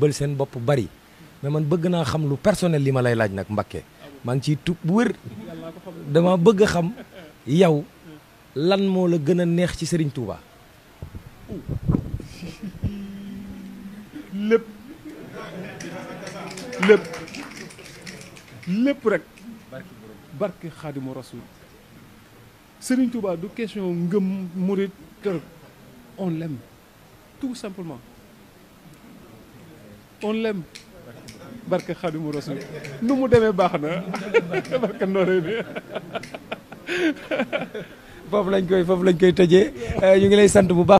bël seen bopp bari mais man bëgg naa xam lu personnel li ma lay laaj nag Mbacké maa ci ciy tub bu wër dama bëgg a xam yow lan moo la gën a neex ci Serigne Touba. lépp lépp lépp du question ngëm murit on l'aime tout on l'aime barke Xadimu Rasul nu mu demee baax na barke nooree bi foofu lañ koy foofu lañ koy tëjee yu euh, ngi lay sant bu baax.